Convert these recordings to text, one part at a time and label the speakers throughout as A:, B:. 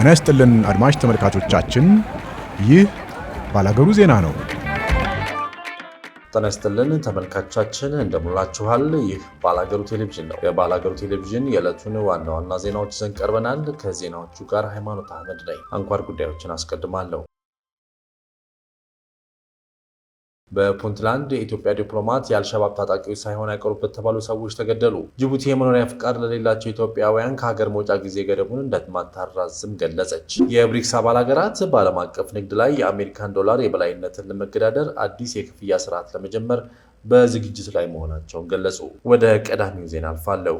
A: ጤና ይስጥልን አድማጭ ተመልካቾቻችን፣ ይህ ባላገሩ ዜና ነው።
B: ጤና ይስጥልን ተመልካቾቻችን እንደምላችኋል። ይህ ባላገሩ ቴሌቪዥን ነው። የባላገሩ ቴሌቪዥን የዕለቱን ዋና ዋና ዜናዎች ይዘን ቀርበናል። ከዜናዎቹ ጋር ሃይማኖት አህመድ ነኝ። አንኳር ጉዳዮችን አስቀድማለሁ። በፑንትላንድ የኢትዮጵያ ዲፕሎማት የአልሸባብ ታጣቂዎች ሳይሆን አይቀሩበት በተባሉ ሰዎች ተገደሉ። ጅቡቲ የመኖሪያ ፍቃድ ለሌላቸው ኢትዮጵያውያን ከሀገር መውጫ ጊዜ ገደቡን እንደማታራዝም ገለጸች። የብሪክስ አባል ሀገራት በዓለም አቀፍ ንግድ ላይ የአሜሪካን ዶላር የበላይነትን ለመገዳደር አዲስ የክፍያ ስርዓት ለመጀመር በዝግጅት ላይ መሆናቸውን ገለጹ። ወደ ቀዳሚው ዜና አልፋለሁ።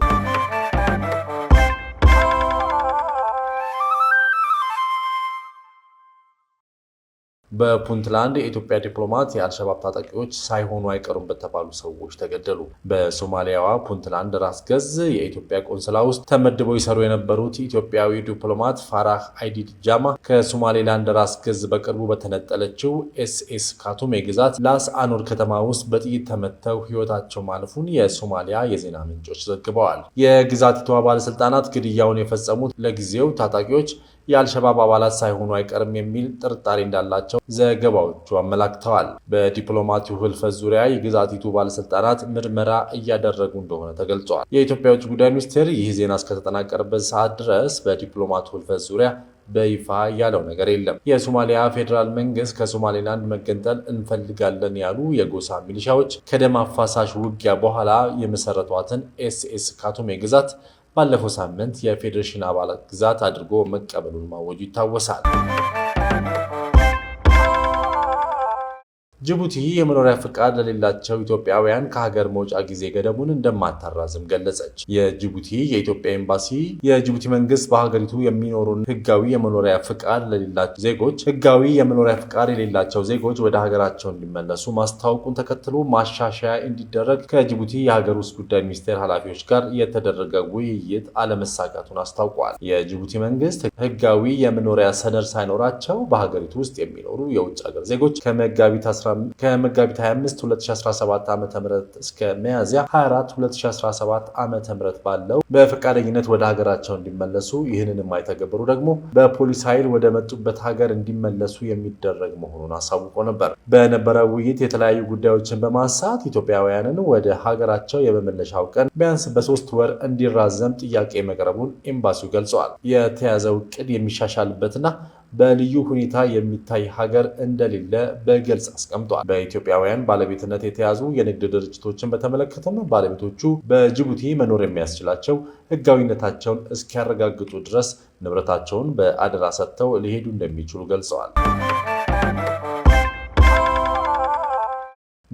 B: በፑንትላንድ የኢትዮጵያ ዲፕሎማት የአልሸባብ ታጣቂዎች ሳይሆኑ አይቀሩም በተባሉ ሰዎች ተገደሉ። በሶማሊያዋ ፑንትላንድ ራስ ገዝ የኢትዮጵያ ቆንስላ ውስጥ ተመድበው ይሰሩ የነበሩት ኢትዮጵያዊ ዲፕሎማት ፋራህ አይዲድ ጃማ ከሶማሌላንድ ራስ ገዝ በቅርቡ በተነጠለችው ኤስኤስ ካቱሜ ግዛት ላስ አኖር ከተማ ውስጥ በጥይት ተመተው ሕይወታቸው ማለፉን የሶማሊያ የዜና ምንጮች ዘግበዋል። የግዛቲቷ ባለስልጣናት ግድያውን የፈጸሙት ለጊዜው ታጣቂዎች የአልሸባብ አባላት ሳይሆኑ አይቀርም የሚል ጥርጣሬ እንዳላቸው ዘገባዎቹ አመላክተዋል። በዲፕሎማቲው ህልፈት ዙሪያ የግዛቲቱ ባለስልጣናት ምርመራ እያደረጉ እንደሆነ ተገልጿል። የኢትዮጵያ ውጭ ጉዳይ ሚኒስቴር ይህ ዜና እስከተጠናቀረበት ሰዓት ድረስ በዲፕሎማቱ ህልፈት ዙሪያ በይፋ ያለው ነገር የለም። የሶማሊያ ፌዴራል መንግስት ከሶማሌላንድ መገንጠል እንፈልጋለን ያሉ የጎሳ ሚሊሻዎች ከደም አፋሳሽ ውጊያ በኋላ የመሰረቷትን ኤስኤስ ካቱሜ ግዛት ባለፈው ሳምንት የፌዴሬሽን አባላት ግዛት አድርጎ መቀበሉን ማወጁ ይታወሳል። ጅቡቲ የመኖሪያ ፍቃድ ለሌላቸው ኢትዮጵያውያን ከሀገር መውጫ ጊዜ ገደቡን እንደማታራዝም ገለጸች። የጅቡቲ የኢትዮጵያ ኤምባሲ የጅቡቲ መንግስት በሀገሪቱ የሚኖሩን ህጋዊ የመኖሪያ ፍቃድ ለሌላቸው ዜጎች ህጋዊ የመኖሪያ ፍቃድ የሌላቸው ዜጎች ወደ ሀገራቸው እንዲመለሱ ማስታወቁን ተከትሎ ማሻሻያ እንዲደረግ ከጅቡቲ የሀገር ውስጥ ጉዳይ ሚኒስቴር ኃላፊዎች ጋር የተደረገ ውይይት አለመሳካቱን አስታውቋል። የጅቡቲ መንግስት ህጋዊ የመኖሪያ ሰነድ ሳይኖራቸው በሀገሪቱ ውስጥ የሚኖሩ የውጭ ሀገር ዜጎች ከመጋቢት ከመጋቢት 25 2017 ዓ ም እስከ ሚያዝያ 24 2017 ዓ ም ባለው በፈቃደኝነት ወደ ሀገራቸው እንዲመለሱ ይህንን የማይተገብሩ ደግሞ በፖሊስ ኃይል ወደ መጡበት ሀገር እንዲመለሱ የሚደረግ መሆኑን አሳውቆ ነበር። በነበረው ውይይት የተለያዩ ጉዳዮችን በማንሳት ኢትዮጵያውያንን ወደ ሀገራቸው የመመለሻው ቀን ቢያንስ በሶስት ወር እንዲራዘም ጥያቄ መቅረቡን ኤምባሲው ገልጸዋል። የተያዘው እቅድ የሚሻሻልበትና በልዩ ሁኔታ የሚታይ ሀገር እንደሌለ በግልጽ አስቀምጧል። በኢትዮጵያውያን ባለቤትነት የተያዙ የንግድ ድርጅቶችን በተመለከተም ባለቤቶቹ በጅቡቲ መኖር የሚያስችላቸው ህጋዊነታቸውን እስኪያረጋግጡ ድረስ ንብረታቸውን በአደራ ሰጥተው ሊሄዱ እንደሚችሉ ገልጸዋል።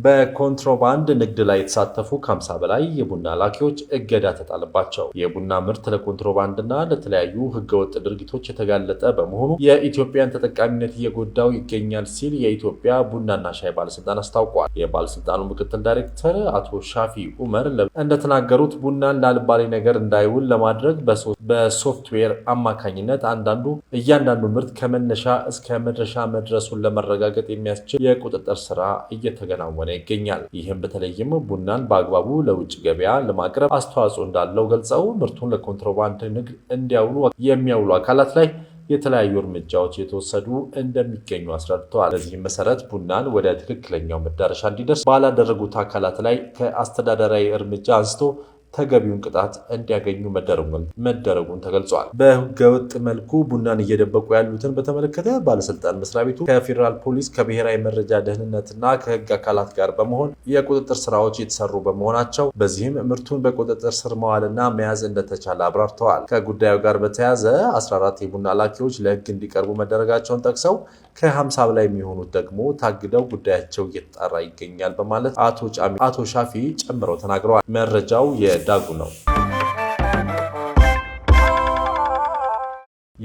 B: በኮንትሮባንድ ንግድ ላይ የተሳተፉ ከምሳ በላይ የቡና ላኪዎች እገዳ ተጣለባቸው። የቡና ምርት ለኮንትሮባንድና ለተለያዩ ህገወጥ ድርጊቶች የተጋለጠ በመሆኑ የኢትዮጵያን ተጠቃሚነት እየጎዳው ይገኛል ሲል የኢትዮጵያ ቡናና ሻይ ባለስልጣን አስታውቋል። የባለስልጣኑ ምክትል ዳይሬክተር አቶ ሻፊ ኡመር እንደተናገሩት ቡናን ላልባሌ ነገር እንዳይውል ለማድረግ በሶፍትዌር አማካኝነት አንዳንዱ እያንዳንዱ ምርት ከመነሻ እስከ መድረሻ መድረሱን ለመረጋገጥ የሚያስችል የቁጥጥር ስራ እየተገናወነ እየሆነ ይገኛል። ይህም በተለይም ቡናን በአግባቡ ለውጭ ገበያ ለማቅረብ አስተዋጽኦ እንዳለው ገልጸው ምርቱን ለኮንትሮባንድ ንግድ እንዲያውሉ የሚያውሉ አካላት ላይ የተለያዩ እርምጃዎች የተወሰዱ እንደሚገኙ አስረድተዋል። በዚህም መሰረት ቡናን ወደ ትክክለኛው መዳረሻ እንዲደርስ ባላደረጉት አካላት ላይ ከአስተዳደራዊ እርምጃ አንስቶ ተገቢውን ቅጣት እንዲያገኙ መደረጉን ተገልጿል። በህገወጥ መልኩ ቡናን እየደበቁ ያሉትን በተመለከተ ባለስልጣን መስሪያ ቤቱ ከፌዴራል ፖሊስ ከብሔራዊ መረጃ ደህንነትና ከህግ አካላት ጋር በመሆን የቁጥጥር ስራዎች የተሰሩ በመሆናቸው በዚህም ምርቱን በቁጥጥር ስር መዋልና መያዝ እንደተቻለ አብራርተዋል። ከጉዳዩ ጋር በተያያዘ 14 የቡና ላኪዎች ለህግ እንዲቀርቡ መደረጋቸውን ጠቅሰው ከ50 በላይ የሚሆኑት ደግሞ ታግደው ጉዳያቸው እየተጣራ ይገኛል በማለት አቶ ሻፊ ጨምረው ተናግረዋል። መረጃው የ ዳጉ ነው።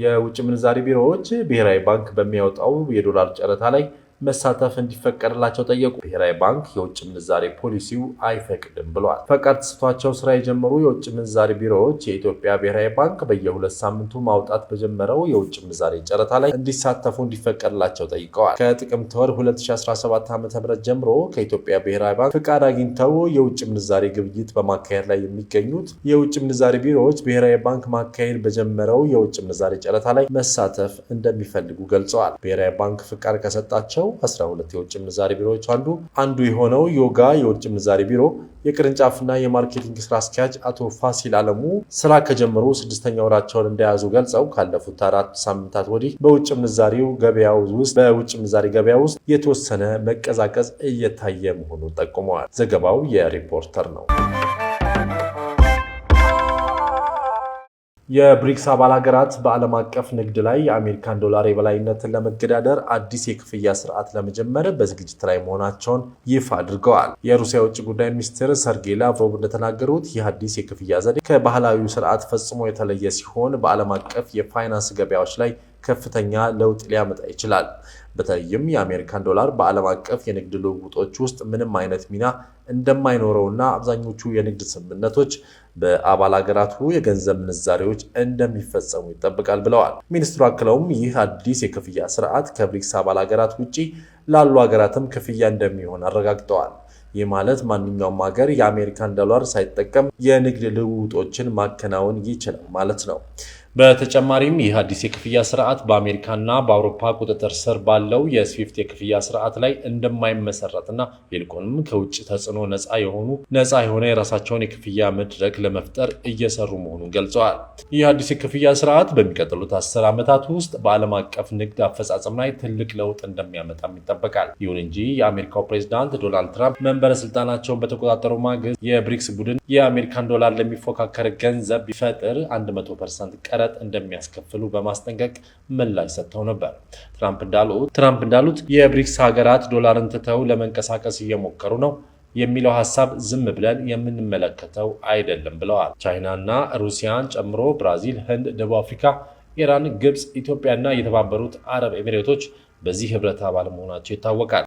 B: የውጭ ምንዛሪ ቢሮዎች ብሔራዊ ባንክ በሚያወጣው የዶላር ጨረታ ላይ መሳተፍ እንዲፈቀድላቸው ጠየቁ። ብሔራዊ ባንክ የውጭ ምንዛሬ ፖሊሲው አይፈቅድም ብሏል። ፈቃድ ተሰጥቷቸው ስራ የጀመሩ የውጭ ምንዛሬ ቢሮዎች የኢትዮጵያ ብሔራዊ ባንክ በየሁለት ሳምንቱ ማውጣት በጀመረው የውጭ ምንዛሬ ጨረታ ላይ እንዲሳተፉ እንዲፈቀድላቸው ጠይቀዋል። ከጥቅምት ወር 2017 ዓ ም ጀምሮ ከኢትዮጵያ ብሔራዊ ባንክ ፍቃድ አግኝተው የውጭ ምንዛሬ ግብይት በማካሄድ ላይ የሚገኙት የውጭ ምንዛሬ ቢሮዎች ብሔራዊ ባንክ ማካሄድ በጀመረው የውጭ ምንዛሬ ጨረታ ላይ መሳተፍ እንደሚፈልጉ ገልጸዋል። ብሔራዊ ባንክ ፍቃድ ከሰጣቸው አስራ ሁለት የውጭ ምንዛሬ ቢሮዎች አንዱ አንዱ የሆነው ዮጋ የውጭ ምንዛሬ ቢሮ የቅርንጫፍና የማርኬቲንግ ስራ አስኪያጅ አቶ ፋሲል አለሙ ስራ ከጀመሩ ስድስተኛ ወራቸውን እንደያዙ ገልጸው ካለፉት አራት ሳምንታት ወዲህ በውጭ ምንዛሬው ገበያ ውስጥ በውጭ ምንዛሬ ገበያ ውስጥ የተወሰነ መቀዛቀዝ እየታየ መሆኑን ጠቁመዋል። ዘገባው የሪፖርተር ነው። የብሪክስ አባል ሀገራት በዓለም አቀፍ ንግድ ላይ የአሜሪካን ዶላር የበላይነትን ለመገዳደር አዲስ የክፍያ ስርዓት ለመጀመር በዝግጅት ላይ መሆናቸውን ይፋ አድርገዋል። የሩሲያ የውጭ ጉዳይ ሚኒስትር ሰርጌይ ላቭሮቭ እንደተናገሩት ይህ አዲስ የክፍያ ዘዴ ከባህላዊው ስርዓት ፈጽሞ የተለየ ሲሆን በዓለም አቀፍ የፋይናንስ ገበያዎች ላይ ከፍተኛ ለውጥ ሊያመጣ ይችላል። በተለይም የአሜሪካን ዶላር በዓለም አቀፍ የንግድ ልውውጦች ውስጥ ምንም አይነት ሚና እንደማይኖረውና አብዛኞቹ የንግድ ስምምነቶች በአባል ሀገራቱ የገንዘብ ምንዛሬዎች እንደሚፈጸሙ ይጠበቃል ብለዋል። ሚኒስትሩ አክለውም ይህ አዲስ የክፍያ ስርዓት ከብሪክስ አባል ሀገራት ውጭ ላሉ ሀገራትም ክፍያ እንደሚሆን አረጋግጠዋል። ይህ ማለት ማንኛውም ሀገር የአሜሪካን ዶላር ሳይጠቀም የንግድ ልውውጦችን ማከናወን ይችላል ማለት ነው። በተጨማሪም ይህ አዲስ የክፍያ ስርዓት በአሜሪካና በአውሮፓ ቁጥጥር ስር ባለው የስዊፍት የክፍያ ስርዓት ላይ እንደማይመሰረትና ይልቁንም ከውጭ ተጽዕኖ ነፃ የሆኑ ነፃ የሆነ የራሳቸውን የክፍያ መድረክ ለመፍጠር እየሰሩ መሆኑን ገልጸዋል። ይህ አዲስ የክፍያ ስርዓት በሚቀጥሉት አስር ዓመታት ውስጥ በዓለም አቀፍ ንግድ አፈጻጸም ላይ ትልቅ ለውጥ እንደሚያመጣም ይጠበቃል። ይሁን እንጂ የአሜሪካው ፕሬዚዳንት ዶናልድ ትራምፕ መንበረ ስልጣናቸውን በተቆጣጠሩ ማግስት የብሪክስ ቡድን የአሜሪካን ዶላር ለሚፎካከር ገንዘብ ቢፈጥር 100 ቀረ ቀረጥ እንደሚያስከፍሉ በማስጠንቀቅ ምላሽ ሰጥተው ነበር። ትራምፕ እንዳሉት የብሪክስ ሀገራት ዶላርን ትተው ለመንቀሳቀስ እየሞከሩ ነው የሚለው ሀሳብ ዝም ብለን የምንመለከተው አይደለም ብለዋል። ቻይናና ሩሲያን ጨምሮ ብራዚል፣ ህንድ፣ ደቡብ አፍሪካ፣ ኢራን፣ ግብፅ፣ ኢትዮጵያና የተባበሩት አረብ ኤሚሬቶች በዚህ ህብረት አባል መሆናቸው ይታወቃል።